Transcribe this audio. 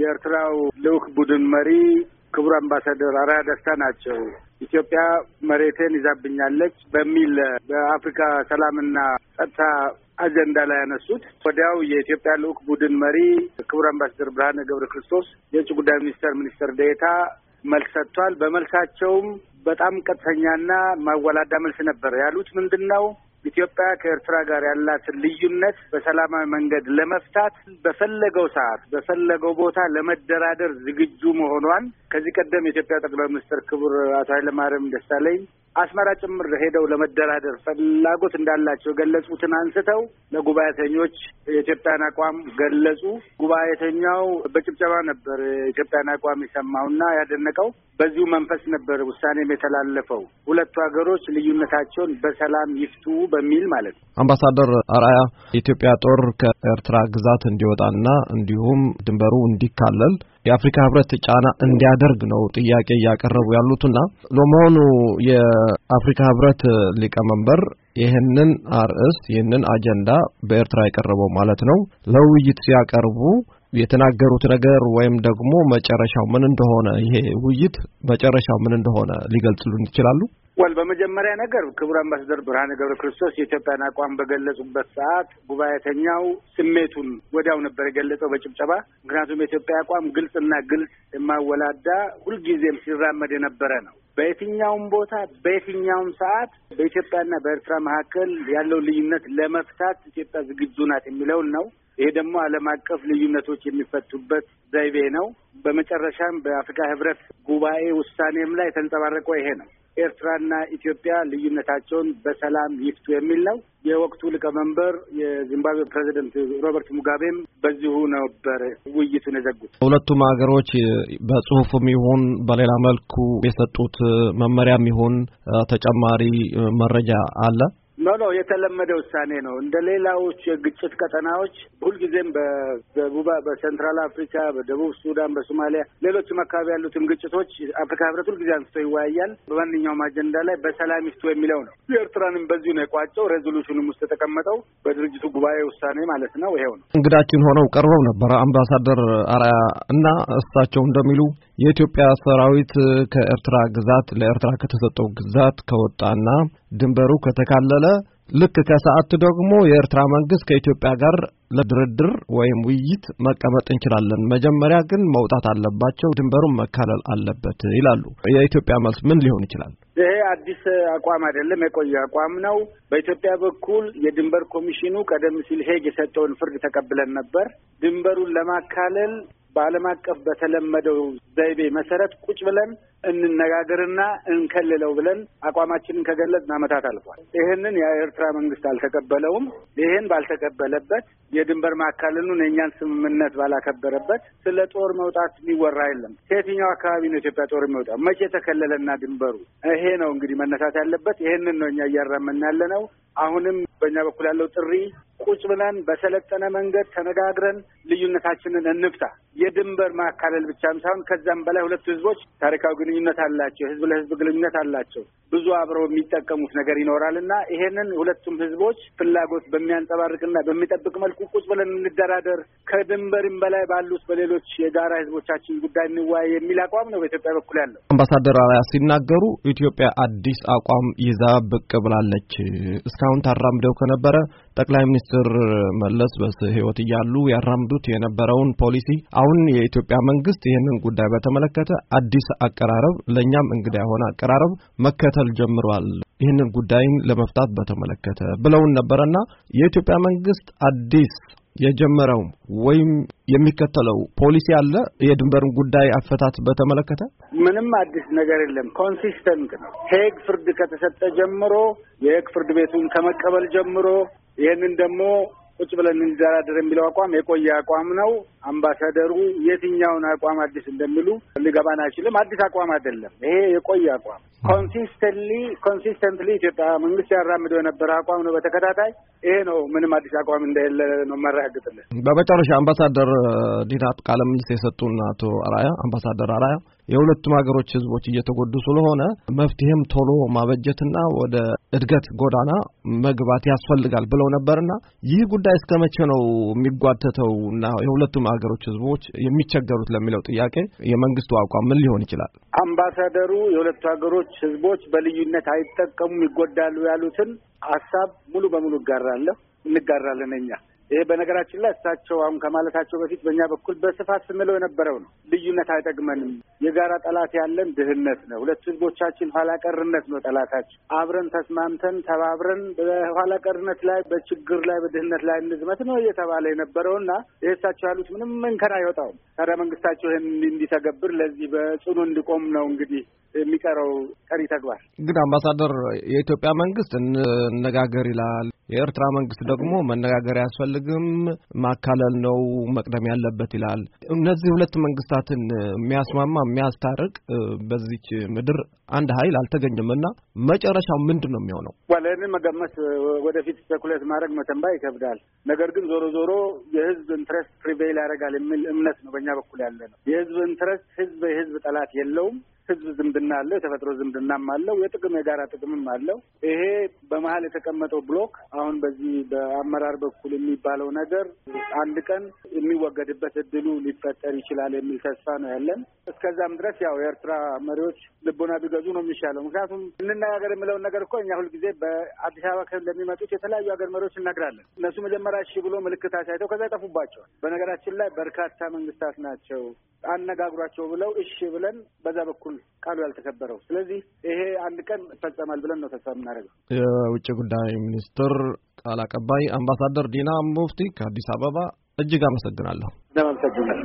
የኤርትራው ልዑክ ቡድን መሪ ክቡር አምባሳደር አርአያ ደስታ ናቸው። ኢትዮጵያ መሬቴን ይዛብኛለች በሚል በአፍሪካ ሰላምና ጸጥታ አጀንዳ ላይ ያነሱት ወዲያው የኢትዮጵያ ልዑክ ቡድን መሪ ክቡር አምባሳደር ብርሃነ ገብረ ክርስቶስ የውጭ ጉዳይ ሚኒስቴር ሚኒስትር ዴኤታ መልስ ሰጥቷል። በመልሳቸውም በጣም ቀጥተኛና ማወላዳ መልስ ነበር። ያሉት ምንድን ነው? ኢትዮጵያ ከኤርትራ ጋር ያላትን ልዩነት በሰላማዊ መንገድ ለመፍታት በፈለገው ሰዓት በፈለገው ቦታ ለመደራደር ዝግጁ መሆኗን ከዚህ ቀደም የኢትዮጵያ ጠቅላይ ሚኒስትር ክቡር አቶ ኃይለማርያም ደሳለኝ አስመራ ጭምር ሄደው ለመደራደር ፍላጎት እንዳላቸው የገለጹትን አንስተው ለጉባኤተኞች የኢትዮጵያን አቋም ገለጹ። ጉባኤተኛው በጭብጨባ ነበር የኢትዮጵያን አቋም የሰማውና ያደነቀው። በዚሁ መንፈስ ነበር ውሳኔም የተላለፈው። ሁለቱ ሀገሮች ልዩነታቸውን በሰላም ይፍቱ በሚል ማለት ነው። አምባሳደር አርአያ የኢትዮጵያ ጦር ከኤርትራ ግዛት እንዲወጣና እንዲሁም ድንበሩ እንዲካለል የአፍሪካ ህብረት ጫና እንዲያደርግ ነው ጥያቄ እያቀረቡ ያሉትና ለመሆኑ የአፍሪካ ህብረት ሊቀመንበር ይህንን አርእስት ይህንን አጀንዳ በኤርትራ የቀረበው ማለት ነው ለውይይት ሲያቀርቡ የተናገሩት ነገር ወይም ደግሞ መጨረሻው ምን እንደሆነ ይሄ ውይይት መጨረሻው ምን እንደሆነ ሊገልጽሉን ይችላሉ? ወል በመጀመሪያ ነገር ክቡር አምባሳደር ብርሃነ ገብረ ክርስቶስ የኢትዮጵያን አቋም በገለጹበት ሰዓት ጉባኤተኛው ስሜቱን ወዲያው ነበር የገለጸው በጭብጨባ። ምክንያቱም የኢትዮጵያ አቋም ግልጽና ግልጽ የማወላዳ ሁልጊዜም ሲራመድ የነበረ ነው። በየትኛውም ቦታ በየትኛውም ሰዓት በኢትዮጵያና በኤርትራ መካከል ያለው ልዩነት ለመፍታት ኢትዮጵያ ዝግጁ ናት የሚለውን ነው። ይሄ ደግሞ ዓለም አቀፍ ልዩነቶች የሚፈቱበት ዘይቤ ነው። በመጨረሻም በአፍሪካ ህብረት ጉባኤ ውሳኔም ላይ የተንጸባረቀው ይሄ ነው። ኤርትራና ኢትዮጵያ ልዩነታቸውን በሰላም ይፍቱ የሚል ነው። የወቅቱ ሊቀመንበር የዚምባብዌ ፕሬዚደንት ሮበርት ሙጋቤም በዚሁ ነበር ውይይቱን የዘጉት። ሁለቱም ሀገሮች በጽሁፍም ይሁን በሌላ መልኩ የሰጡት መመሪያም ይሁን ተጨማሪ መረጃ አለ። ኖ ኖ የተለመደ ውሳኔ ነው። እንደ ሌላዎች የግጭት ቀጠናዎች ሁልጊዜም በደቡባ በሴንትራል አፍሪካ፣ በደቡብ ሱዳን፣ በሶማሊያ ሌሎችም አካባቢ ያሉትን ግጭቶች አፍሪካ ህብረት ሁልጊዜ አንስቶ ይወያያል። በማንኛውም አጀንዳ ላይ በሰላም ይፍቱ የሚለው ነው። ኤርትራንም በዚሁ ነው የቋጨው። ሬዞሉሽንም ውስጥ የተቀመጠው በድርጅቱ ጉባኤ ውሳኔ ማለት ነው። ይሄው ነው። እንግዳችን ሆነው ቀርበው ነበረ አምባሳደር አርአያ እና እሳቸው እንደሚሉ የኢትዮጵያ ሰራዊት ከኤርትራ ግዛት ለኤርትራ ከተሰጠው ግዛት ከወጣና ድንበሩ ከተካለለ ልክ ከሰዓት ደግሞ የኤርትራ መንግስት ከኢትዮጵያ ጋር ለድርድር ወይም ውይይት መቀመጥ እንችላለን፣ መጀመሪያ ግን መውጣት አለባቸው፣ ድንበሩን መካለል አለበት ይላሉ። የኢትዮጵያ መልስ ምን ሊሆን ይችላል? ይሄ አዲስ አቋም አይደለም፣ የቆየ አቋም ነው። በኢትዮጵያ በኩል የድንበር ኮሚሽኑ ቀደም ሲል ሄግ የሰጠውን ፍርድ ተቀብለን ነበር። ድንበሩን ለማካለል በዓለም አቀፍ በተለመደው ዘይቤ መሰረት ቁጭ ብለን እንነጋገርና እንከልለው ብለን አቋማችንን ከገለጽን ዓመታት አልፏል። ይህንን የኤርትራ መንግስት አልተቀበለውም። ይህን ባልተቀበለበት የድንበር ማካለሉን የእኛን ስምምነት ባላከበረበት ስለ ጦር መውጣት ሊወራ የለም። ከየትኛው አካባቢ ነው ኢትዮጵያ ጦር የሚወጣ? መቼ ተከለለና ድንበሩ? ይሄ ነው እንግዲህ መነሳት ያለበት። ይህንን ነው እኛ እያረምን ያለ ነው። አሁንም በእኛ በኩል ያለው ጥሪ ቁጭ ብለን በሰለጠነ መንገድ ተነጋግረን ልዩነታችንን እንፍታ። የድንበር ማካለል ብቻም ሳይሆን ከዛም በላይ ሁለቱ ህዝቦች ታሪካዊ ግንኙነት አላቸው። ህዝብ ለህዝብ ግንኙነት አላቸው። ብዙ አብረው የሚጠቀሙት ነገር ይኖራል እና ይሄንን ሁለቱም ህዝቦች ፍላጎት በሚያንጸባርቅና በሚጠብቅ መልኩ ቁጭ ብለን እንደራደር፣ ከድንበርም በላይ ባሉት በሌሎች የጋራ ህዝቦቻችን ጉዳይ እንወያይ የሚል አቋም ነው በኢትዮጵያ በኩል ያለው። አምባሳደር አርአያ ሲናገሩ ኢትዮጵያ አዲስ አቋም ይዛ ብቅ ብላለች። እስካሁን ታራምደው ከነበረ ጠቅላይ ሚኒስትር መለስ በሕይወት እያሉ ያራምዱት የነበረውን ፖሊሲ አሁን የኢትዮጵያ መንግስት ይህንን ጉዳይ በተመለከተ አዲስ አቀራረብ ለእኛም እንግዳ የሆነ አቀራረብ መከተል ጀምሯል። ይህንን ጉዳይን ለመፍታት በተመለከተ ብለውን ነበረና የኢትዮጵያ መንግስት አዲስ የጀመረው ወይም የሚከተለው ፖሊሲ አለ? የድንበርን ጉዳይ አፈታት በተመለከተ ምንም አዲስ ነገር የለም። ኮንሲስተንት ነው። ሄግ ፍርድ ከተሰጠ ጀምሮ የሄግ ፍርድ ቤቱን ከመቀበል ጀምሮ ይህንን ደግሞ ቁጭ ብለን እንደራደር የሚለው አቋም የቆየ አቋም ነው። አምባሳደሩ የትኛውን አቋም አዲስ እንደሚሉ ሊገባን አይችልም። አዲስ አቋም አይደለም ይሄ የቆየ አቋም ኮንሲስተንትሊ ኮንሲስተንትሊ ኢትዮጵያ መንግስት ያራምደው የነበረ አቋም ነው። በተከታታይ ይሄ ነው ምንም አዲስ አቋም እንደሌለ ነው የማረጋግጥልን። በመጨረሻ አምባሳደር ዲና ቃለ ምልስ የሰጡን አቶ አራያ አምባሳደር አራያ የሁለቱም ሀገሮች ህዝቦች እየተጎዱ ስለሆነ መፍትሄም ቶሎ ማበጀትና ወደ እድገት ጎዳና መግባት ያስፈልጋል ብለው ነበርና ይህ ጉዳይ እስከ መቼ ነው የሚጓተተው እና የሁለቱም ሀገሮች ህዝቦች የሚቸገሩት ለሚለው ጥያቄ የመንግስቱ አቋም ምን ሊሆን ይችላል? አምባሳደሩ የሁለቱ ሀገሮች ህዝቦች በልዩነት አይጠቀሙም፣ ይጎዳሉ ያሉትን ሀሳብ ሙሉ በሙሉ እጋራለሁ እንጋራለን እኛ ይሄ በነገራችን ላይ እሳቸው አሁን ከማለታቸው በፊት በእኛ በኩል በስፋት ስንለው የነበረው ነው። ልዩነት አይጠቅመንም። የጋራ ጠላት ያለን ድህነት ነው። ሁለት ህዝቦቻችን ኋላ ቀርነት ነው ጠላታችን። አብረን ተስማምተን ተባብረን በኋላ ቀርነት ላይ፣ በችግር ላይ፣ በድህነት ላይ እንዝመት ነው እየተባለ የነበረው እና ይሄ እሳቸው ያሉት ምንም እንከን አይወጣውም። ታዲያ መንግስታቸው ይህን እንዲተገብር ለዚህ በጽኑ እንዲቆም ነው እንግዲህ የሚቀረው ቀሪ ተግባር። ግን አምባሳደር፣ የኢትዮጵያ መንግስት እንነጋገር ይላል የኤርትራ መንግስት ደግሞ መነጋገር አያስፈልግም ማካለል ነው መቅደም ያለበት ይላል። እነዚህ ሁለት መንግስታትን የሚያስማማ የሚያስታርቅ በዚች ምድር አንድ ኃይል አልተገኘም እና መጨረሻው ምንድን ነው የሚሆነው? ይህንን መገመት ወደፊት ስፔኩሌት ማድረግ መተንባይ ይከብዳል። ነገር ግን ዞሮ ዞሮ የህዝብ ኢንትረስት ፕሪቬይል ያደርጋል የሚል እምነት ነው በእኛ በኩል ያለ ነው። የህዝብ ኢንትረስት ህዝብ የህዝብ ጠላት የለውም። ህዝብ ዝምድና አለው፣ የተፈጥሮ ዝምድናም አለው፣ የጥቅም የጋራ ጥቅምም አለው። ይሄ በመሀል የተቀመጠው ብሎክ አሁን በዚህ በአመራር በኩል የሚባለው ነገር አንድ ቀን የሚወገድበት እድሉ ሊፈጠር ይችላል የሚል ተስፋ ነው ያለን። እስከዛም ድረስ ያው የኤርትራ መሪዎች ልቦና ቢገዙ ነው የሚሻለው። ምክንያቱም እንነጋገር የምለውን ነገር እኮ እኛ ሁልጊዜ በአዲስ አበባ ክልል ለሚመጡት የተለያዩ ሀገር መሪዎች እናግራለን። እነሱ መጀመሪያ እሺ ብሎ ምልክት አሳይተው ከዛ ይጠፉባቸዋል። በነገራችን ላይ በርካታ መንግስታት ናቸው አነጋግሯቸው ብለው እሺ ብለን በዛ በኩል በኩል ቃሉ ያልተከበረው። ስለዚህ ይሄ አንድ ቀን ይፈጸማል ብለን ነው ተስፋ የምናደርገው። የውጭ ጉዳይ ሚኒስትር ቃል አቀባይ አምባሳደር ዲና ሙፍቲ ከአዲስ አበባ እጅግ አመሰግናለሁ። እናም አመሰግናለሁ።